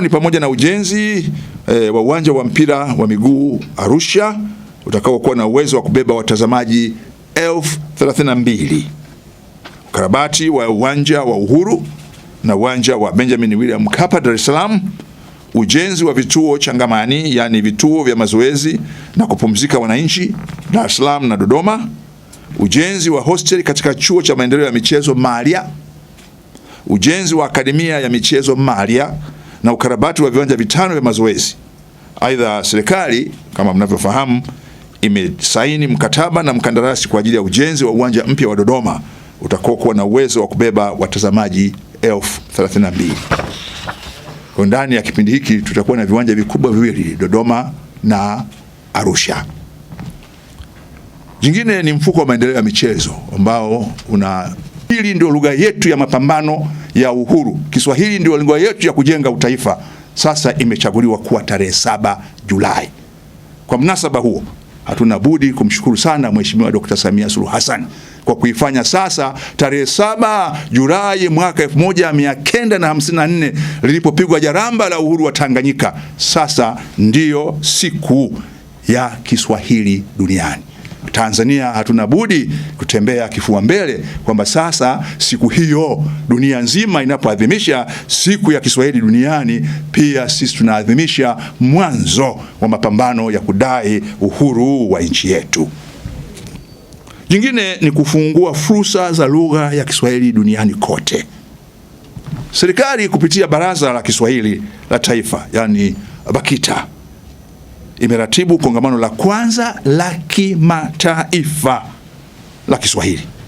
ni pamoja na ujenzi e, wa uwanja wa mpira wa miguu Arusha utakaokuwa na uwezo wa kubeba watazamaji elfu thelathini na mbili, ukarabati wa uwanja wa Uhuru na uwanja wa Benjamin William Mkapa Dar es Salaam, ujenzi wa vituo changamani, yaani vituo vya mazoezi na kupumzika wananchi Dar es Salaam na Dodoma, ujenzi wa hosteli katika chuo cha maendeleo ya michezo Maria, ujenzi wa akademia ya michezo maria na ukarabati wa viwanja vitano vya mazoezi. Aidha, serikali kama mnavyofahamu imesaini mkataba na mkandarasi kwa ajili ya ujenzi wa uwanja mpya wa Dodoma utakao kuwa na uwezo wa kubeba watazamaji elfu 32. Kwa ndani ya kipindi hiki tutakuwa na viwanja vikubwa viwili Dodoma na Arusha. Jingine ni mfuko wa maendeleo ya michezo ambao una, hili ndio lugha yetu ya mapambano ya uhuru. Kiswahili ndio lugha yetu ya kujenga utaifa, sasa imechaguliwa kuwa tarehe saba Julai. Kwa mnasaba huo, hatuna budi kumshukuru sana Mheshimiwa Dr. Samia Suluhu Hassan kwa kuifanya sasa tarehe saba Julai mwaka 1954 lilipopigwa jaramba la uhuru wa Tanganyika, sasa ndiyo siku ya Kiswahili duniani. Tanzania hatuna budi kutembea kifua mbele kwamba sasa siku hiyo dunia nzima inapoadhimisha siku ya Kiswahili duniani, pia sisi tunaadhimisha mwanzo wa mapambano ya kudai uhuru wa nchi yetu. Jingine ni kufungua fursa za lugha ya Kiswahili duniani kote. Serikali kupitia Baraza la Kiswahili la Taifa, yani BAKITA imeratibu kongamano la kwanza la kimataifa la Kiswahili.